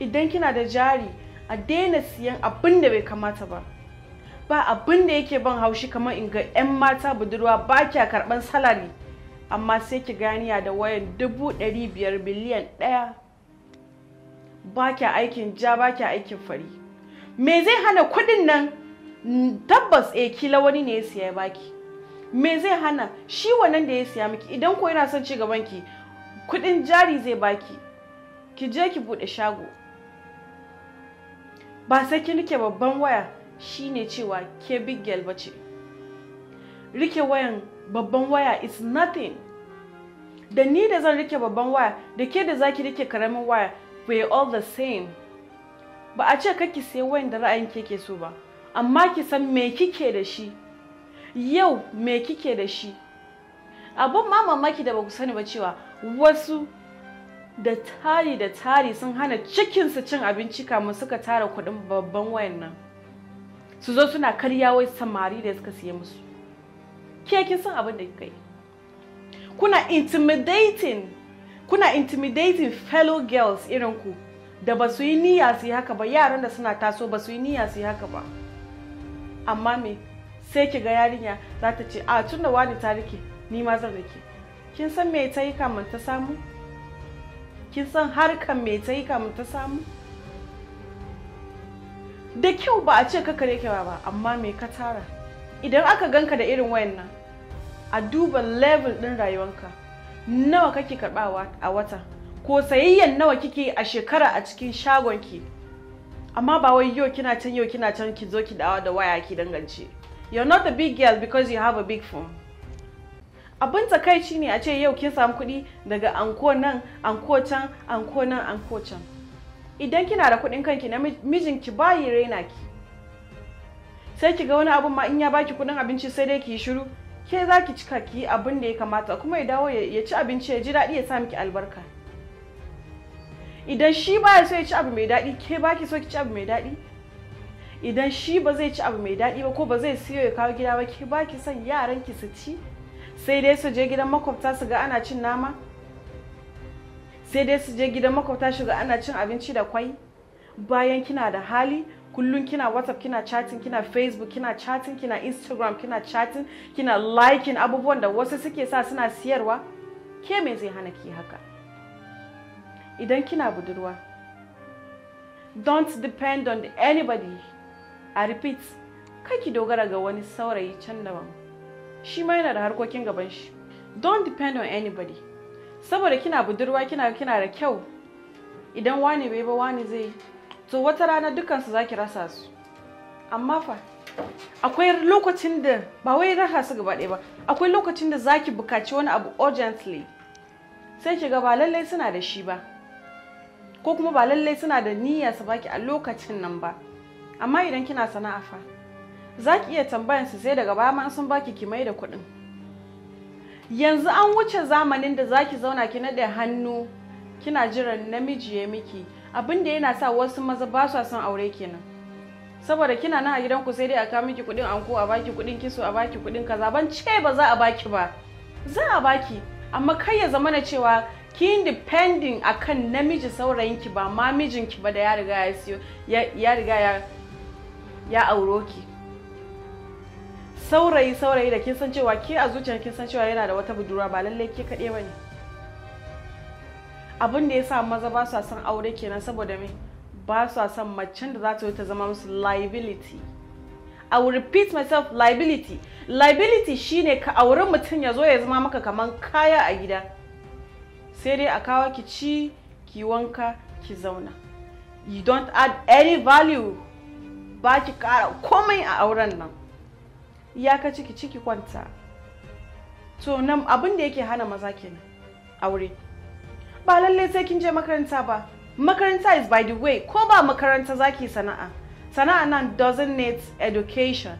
idan kina da jari a daina siyan abin da bai kamata ba ba abin da yake ban haushi kamar in ga 'yan mata budurwa ba kya karban salari amma sai ki ganiya da wayan dubu ɗari biyar biliyan ɗaya ba kya aikin ja ba kya aikin fari me zai hana kuɗin nan mm, tabbas e kila wani ne ya siya baki me zai hana shi wannan da ya siya miki idan ko yana son ci gaban ki kuɗin jari zai baki ki je ki buɗe shago ba sai ki rike babban waya shine cewa ke big girl bace rike wayan babban waya is nothing da ni da zan rike babban waya da ke da zaki rike karamin waya we all the same ba a ce ka ki sai wayan da ra'ayin ke ke so ba amma ki san me kike da shi yau me kike da shi abun ma mamaki da ba ku sani ba cewa wasu da tari da tari sun hana cikinsu cin abinci kamun suka tara kuɗin babban wayan nan su zo suna karya wai samari da suka siye musu ke kin san abin da kai kuna intimidating kuna intimidating fellow girls irin ku da ba yi niyya su yi haka ba yaran da suna taso ba su yi niyya su yi haka ba amma me sai ki ga yarinya za ta ce a tunda wani ta rike ni ma zan rike kin san me ta yi kamun ta samu kin san harkar me ta yi kamun ta samu da kyau ba a ce ka kare kewa ba amma me ka tara idan aka ganka da irin wayannan a duba level din rayuwanka nawa kake karbawa a wata ko sayayyan nawa kike a shekara a cikin shagonki amma ba wai yau kina can yau kina can ki zo ki dawo da waya ki dangance you're not a big girl because you have a big phone abin takaici ne a ce yau kin samu kuɗi daga anko nan anko can anko nan anko can idan kina da kuɗin kanki na mijinki bayi raina ki sai ki ga wani abun ma in ya baki kuɗin abinci sai dai ki yi shiru ke za ki cika ki yi abin da ya kamata kuma ya dawo ya ci abinci ya ji daɗi ya sa miki albarka idan shi baya so ya ci abu mai daɗi ke baki so ki ci abu mai daɗi idan shi ba zai ci abu mai daɗi ba ko ba zai siyo ya kawo gida ba ke baki son yaran ki su ci sai dai su je gidan makwabta su ga ana cin nama sai dai su je gidan makwabta su ga ana cin abinci da kwai bayan kina da hali kullum kina whatsapp kina chatting kina facebook kina chatting kina instagram kina chatting kina liking abubuwan da wasu suke sa suna siyarwa ke me zai hana ki haka idan kina budurwa don't depend on anybody i repeat ki dogara ga wani saurayi can daban shi ma yana da harkokin gaban shi don't depend on anybody saboda kina budurwa kina kina da kyau idan wani bai ba wani zai to wata rana dukansu za ki rasa su amma fa akwai lokacin da ba wai rasa su gaba ɗaya ba akwai lokacin da zaki bukaci wani abu urgently sai ki ga ba lallai suna da shi ba ko kuma ba lallai suna da niyya su baki a lokacin nan ba amma idan kina sana'a fa za ki iya tambayan su sai daga baya ma sun baki ki mai da kuɗin yanzu an wuce zamanin da za ki zauna ki naɗe hannu kina jiran namiji ya miki abin da yana sa wasu maza ba su son aure kenan saboda kina nan a gidanku sai dai a kawo miki kuɗin anko a baki kuɗin kiso a baki kuɗin kaza ban ce ba za a baki ba za a baki amma kai ya zamana cewa ki independent akan namiji saurayinki ba ma mijinki ba da ya riga ya siyo ya riga ya ya auro ki saurayi saurayi da kin san cewa ke a zuciyar kin san cewa yana da wata budurwa ba lallai ke kaɗai ba ne abin da ya sa maza ba su san aure kenan saboda me ba su san macen da za ta ta zama musu liability I will repeat myself liability liability shine ka aure mutum ya zo ya zama maka kaman kaya a gida sai dai a kawo ki ci ki wanka ki zauna you don't add any value ba ki kara komai a auren nan Ya ka ciki ciki kwanta to nan abin da yake hana maza kenan aure ba lallai sai kin je makaranta ba makaranta is by the way ko ba makaranta zaki sana'a sana'a nan doesn't need education